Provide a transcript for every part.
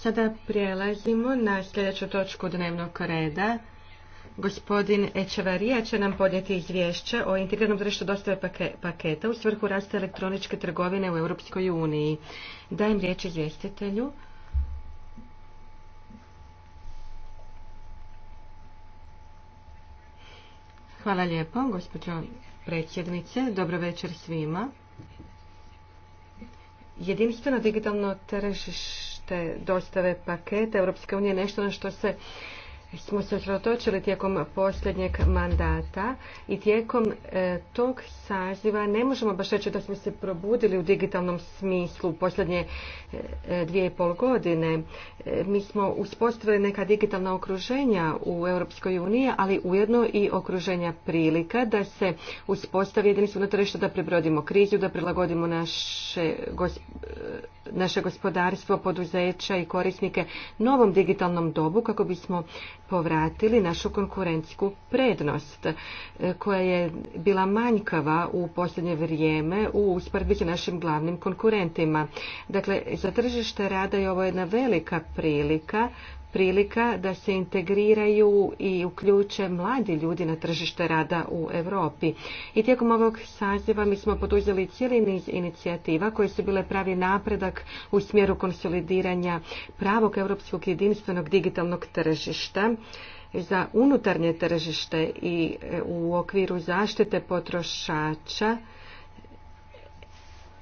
Sada prijelazimo na sljedeću točku dnevnog reda. Gospodin Ečevarija će nam podnijeti izvješće o integriranom tržištu dostave paketa u svrhu rasta elektroničke trgovine u Europskoj uniji. Dajem riječ izvjestitelju. Hvala lijepo, gospođo predsjednice. Dobro večer svima. Jedinstveno digitalno tržište te dostave paketa Europske unije nešto na što se smo se usredotočili tijekom posljednjeg mandata i tijekom e, tog saziva ne možemo baš reći da smo se probudili u digitalnom smislu u posljednje e, dvije i pol godine. E, mi smo uspostavili neka digitalna okruženja u Europskoj uniji, ali ujedno i okruženja prilika da se uspostavi na tržište, da prebrodimo krizu, da prilagodimo naše, naše gospodarstvo, poduzeća i korisnike novom digitalnom dobu kako bismo povratili našu konkurentsku prednost e, koja je bila manjkava u posljednje vrijeme u usporedbi sa našim glavnim konkurentima. Dakle, za tržište rada je ovo jedna velika prilika prilika da se integriraju i uključe mladi ljudi na tržište rada u Europi. I tijekom ovog saziva mi smo poduzeli cijeli niz inicijativa koje su bile pravi napredak u smjeru konsolidiranja pravog europskog jedinstvenog digitalnog tržišta za unutarnje tržište i u okviru zaštite potrošača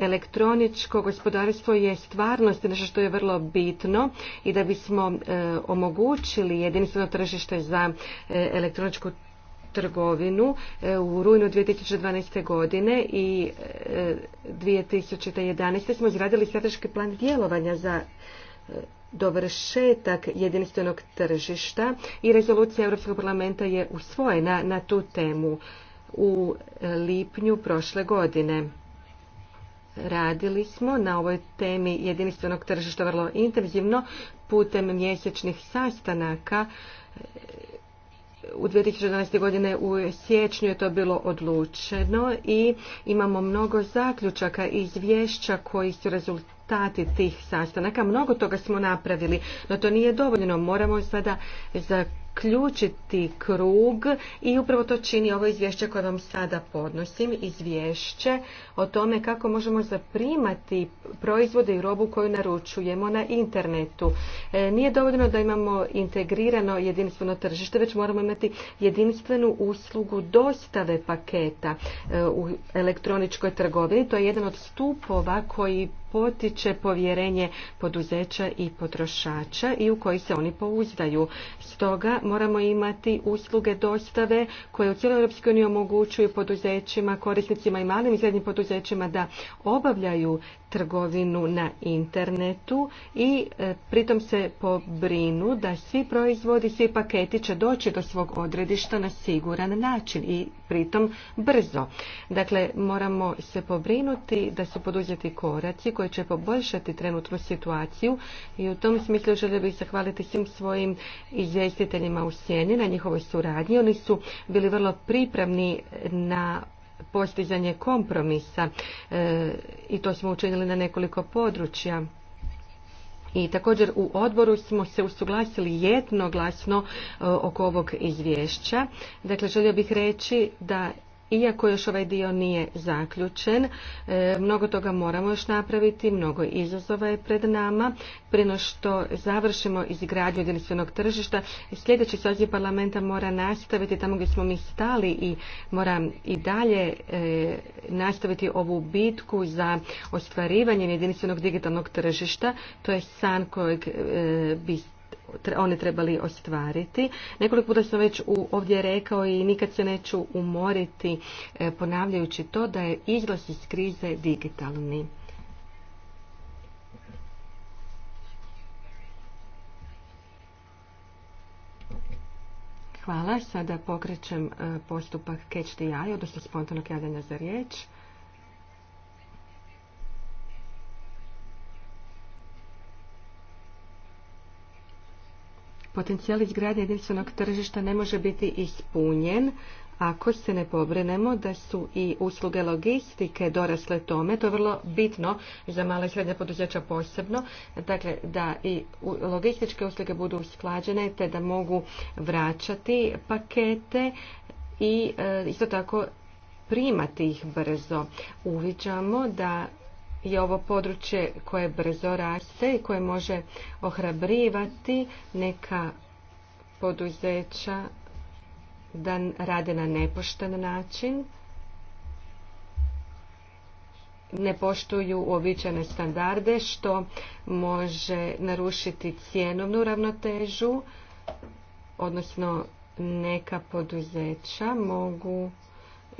elektroničko gospodarstvo je stvarnost nešto što je vrlo bitno i da bismo e, omogućili jedinstveno tržište za e, elektroničku trgovinu e, u rujnu 2012. godine i 2011. smo izradili strateški plan djelovanja za dovršetak jedinstvenog tržišta i rezolucija Europskog parlamenta je usvojena na tu temu u lipnju prošle godine. Radili smo na ovoj temi jedinstvenog tržišta vrlo intenzivno putem mjesečnih sastanaka. U 2011. godine u siječnju je to bilo odlučeno i imamo mnogo zaključaka i izvješća koji su rezultati tih sastanaka. Mnogo toga smo napravili, no to nije dovoljno. Moramo sada za zaključiti krug i upravo to čini ovo izvješće koje vam sada podnosim, izvješće o tome kako možemo zaprimati proizvode i robu koju naručujemo na internetu. E, nije dovoljno da imamo integrirano jedinstveno tržište, već moramo imati jedinstvenu uslugu dostave paketa e, u elektroničkoj trgovini. To je jedan od stupova koji potiče povjerenje poduzeća i potrošača i u koji se oni pouzdaju. Stoga moramo imati usluge dostave koje u cijeloj Europskoj uniji omogućuju poduzećima, korisnicima i malim i srednjim poduzećima da obavljaju trgovinu na internetu i e, pritom se pobrinu da svi proizvodi, svi paketi će doći do svog odredišta na siguran način i pritom brzo. Dakle, moramo se pobrinuti da su poduzeti koraci koji će poboljšati trenutnu situaciju i u tom smislu želio bih zahvaliti svim svojim izvjestiteljima u sjeni na njihovoj suradnji. Oni su bili vrlo pripravni na postizanje kompromisa e, i to smo učinili na nekoliko područja. I također u odboru smo se usuglasili jednoglasno e, oko ovog izvješća. Dakle, želio bih reći da iako još ovaj dio nije zaključen, e, mnogo toga moramo još napraviti, mnogo izazova je pred nama. Prije no što završimo izgradnju jedinstvenog tržišta, sljedeći saziv parlamenta mora nastaviti tamo gdje smo mi stali i mora i dalje e, nastaviti ovu bitku za ostvarivanje jedinstvenog digitalnog tržišta. To je san kojeg e, bi oni trebali ostvariti. Nekoliko puta sam već u, ovdje rekao i nikad se neću umoriti e, ponavljajući to da je izlaz iz krize digitalni. Hvala. Sada pokrećem e, postupak Catch the Eye, odnosno spontanog javljanja za riječ. Potencijal izgradnje jedinstvenog tržišta ne može biti ispunjen ako se ne pobrinemo da su i usluge logistike dorasle tome, to je vrlo bitno za mala i srednja poduzeća posebno, dakle da i logističke usluge budu usklađene te da mogu vraćati pakete i e, isto tako primati ih brzo. Uviđamo da je ovo područje koje brzo raste i koje može ohrabrivati neka poduzeća da rade na nepošten način, ne poštuju uobičajene standarde što može narušiti cjenovnu ravnotežu, odnosno neka poduzeća mogu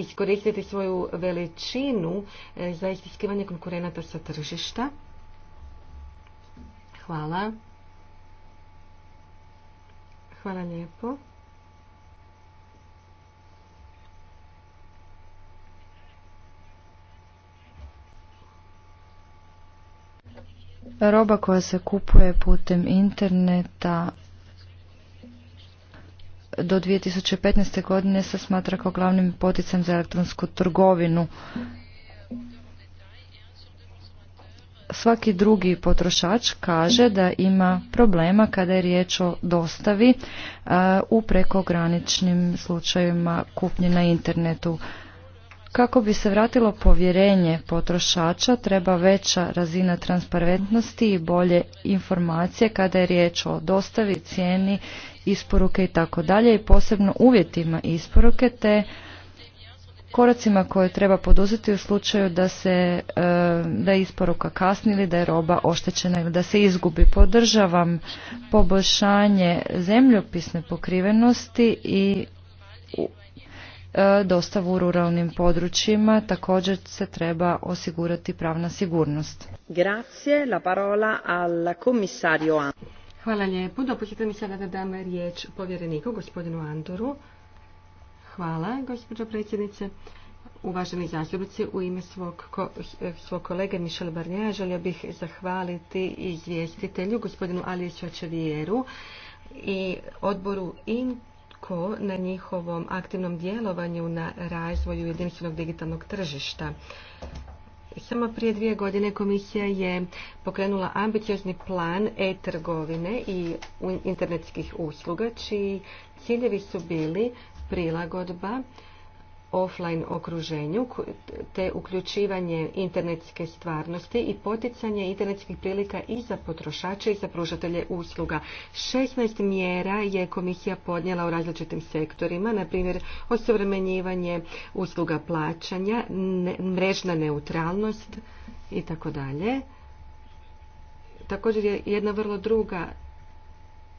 iskoristiti svoju veličinu e, za istiskivanje konkurenata sa tržišta. Hvala. Hvala lijepo. Roba koja se kupuje putem interneta do 2015. godine se smatra kao glavnim poticam za elektronsku trgovinu. Svaki drugi potrošač kaže da ima problema kada je riječ o dostavi u prekograničnim slučajevima kupnje na internetu. Kako bi se vratilo povjerenje potrošača, treba veća razina transparentnosti i bolje informacije kada je riječ o dostavi, cijeni isporuke i tako dalje i posebno uvjetima isporuke te koracima koje treba poduzeti u slučaju da se e, da je isporuka kasni ili da je roba oštećena ili da se izgubi. Podržavam poboljšanje zemljopisne pokrivenosti i e, dostavu u ruralnim područjima. Također se treba osigurati pravna sigurnost. Grazie, la parola al commissario Hvala lijepo. Dopustite mi sada da dam riječ povjereniku, gospodinu Andoru. Hvala, gospođo predsjednice. Uvaženi zastupnici, u ime svog, svog kolege Mišel Barnija želio bih zahvaliti izvjestitelju, gospodinu Alijeću Čevijeru i odboru INKO na njihovom aktivnom djelovanju na razvoju jedinstvenog digitalnog tržišta. Samo prije dvije godine komisija je pokrenula ambiciozni plan e-trgovine i internetskih usluga, čiji ciljevi su bili prilagodba offline okruženju te uključivanje internetske stvarnosti i poticanje internetskih prilika i za potrošače i za pružatelje usluga. 16 mjera je komisija podnijela u različitim sektorima, na primjer osuvremenjivanje usluga plaćanja, mrežna neutralnost i tako dalje. Također je jedna vrlo druga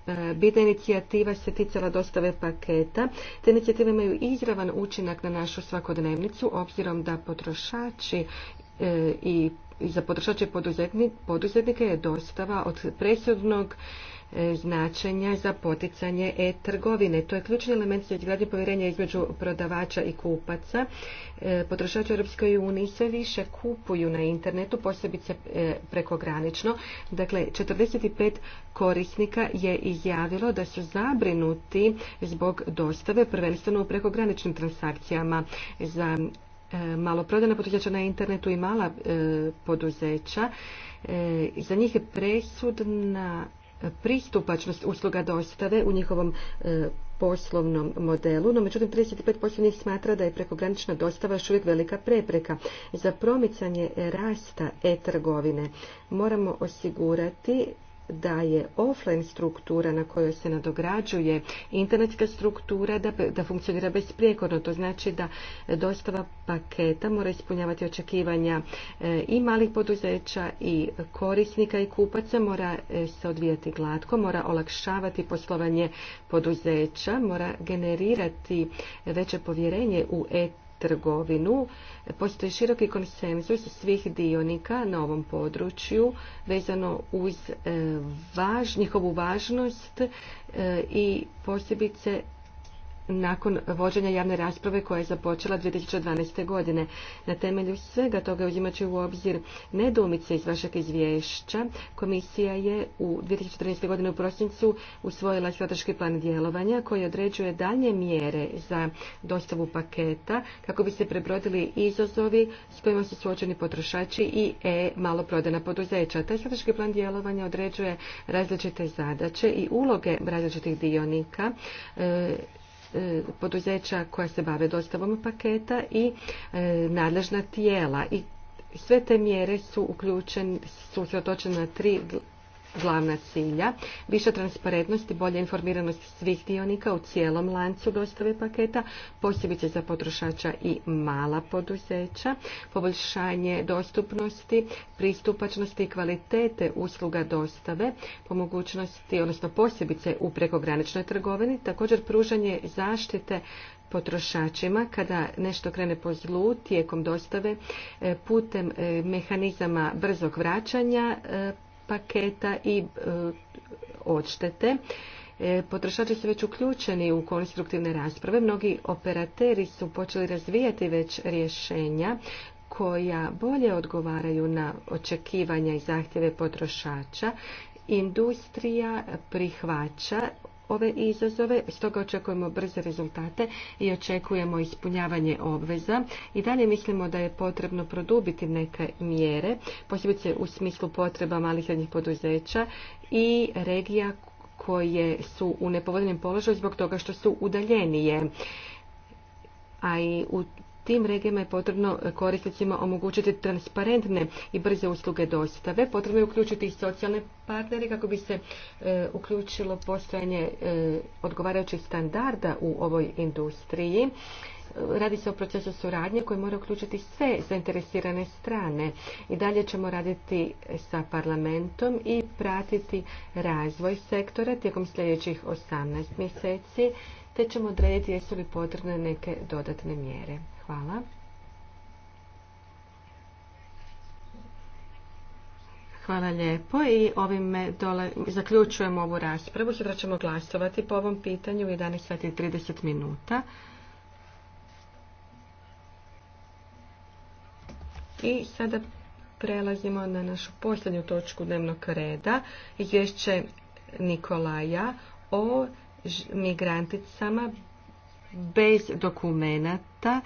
E, Bitna inicijativa se ticala dostave paketa. Te inicijative imaju izravan učinak na našu svakodnevnicu, obzirom da potrošači e, i za potrošače poduzetnike je dostava od presudnog E, značenja za poticanje e-trgovine. To je ključni element za izgradnje povjerenja između prodavača i kupaca. E, potrošači Europskoj uniji sve više kupuju na internetu, posebice e, prekogranično. Dakle, 45 korisnika je izjavilo da su zabrinuti zbog dostave, prvenstveno u prekograničnim transakcijama za maloprodajna poduzeća na internetu i mala poduzeća. Za njih je presudna pristupačnost usluga dostave u njihovom e, poslovnom modelu, no međutim 35% njih smatra da je prekogranična dostava još uvijek velika prepreka. Za promicanje rasta e-trgovine moramo osigurati da je offline struktura na kojoj se nadograđuje internetska struktura da, da funkcionira besprijekorno. To znači da dostava paketa mora ispunjavati očekivanja e, i malih poduzeća i korisnika i kupaca, mora e, se odvijati glatko, mora olakšavati poslovanje poduzeća, mora generirati veće povjerenje u et trgovinu. Postoji široki konsenzus svih dionika na ovom području vezano uz eh, njihovu važnost eh, i posebice nakon vođenja javne rasprave koja je započela 2012. godine. Na temelju svega toga uzimajući u obzir nedomice iz vašeg izvješća, komisija je u 2014. godine u prosincu usvojila strateški plan djelovanja koji određuje dalje mjere za dostavu paketa kako bi se prebrodili izazovi s kojima su suočeni potrošači i e prodana poduzeća. Taj strateški plan djelovanja određuje različite zadaće i uloge različitih dionika e, E, poduzeća koja se bave dostavom paketa i e, nadležna tijela i sve te mjere su uključene, su se na tri glavna cilja. Više transparentnosti, bolja informiranost svih dionika u cijelom lancu dostave paketa, posebice za potrošača i mala poduzeća, poboljšanje dostupnosti, pristupačnosti i kvalitete usluga dostave, po mogućnosti, odnosno posebice u prekograničnoj trgovini, također pružanje zaštite potrošačima kada nešto krene po zlu tijekom dostave e, putem e, mehanizama brzog vraćanja e, paketa i e, odštete. E, potrošači su već uključeni u konstruktivne rasprave. Mnogi operateri su počeli razvijati već rješenja koja bolje odgovaraju na očekivanja i zahtjeve potrošača industrija prihvaća ove izazove, stoga očekujemo brze rezultate i očekujemo ispunjavanje obveza. I dalje mislimo da je potrebno produbiti neke mjere, posebice u smislu potreba malih i srednjih poduzeća i regija koje su u nepovoljnom položaju zbog toga što su udaljenije a i u Tim regijama je potrebno e, korisnicima omogućiti transparentne i brze usluge dostave. Potrebno je uključiti i socijalne partnere kako bi se e, uključilo postojanje e, odgovarajućih standarda u ovoj industriji. Radi se o procesu suradnje koji mora uključiti sve zainteresirane strane. I dalje ćemo raditi sa parlamentom i pratiti razvoj sektora tijekom sljedećih 18 mjeseci te ćemo odrediti jesu li potrebne neke dodatne mjere. Hvala. Hvala lijepo i ovime dole, zaključujemo ovu raspravu. Sada ćemo glasovati po ovom pitanju u 11.30 minuta. I sada prelazimo na našu posljednju točku dnevnog reda. Izvješće Nikolaja o migranticama bez dokumenata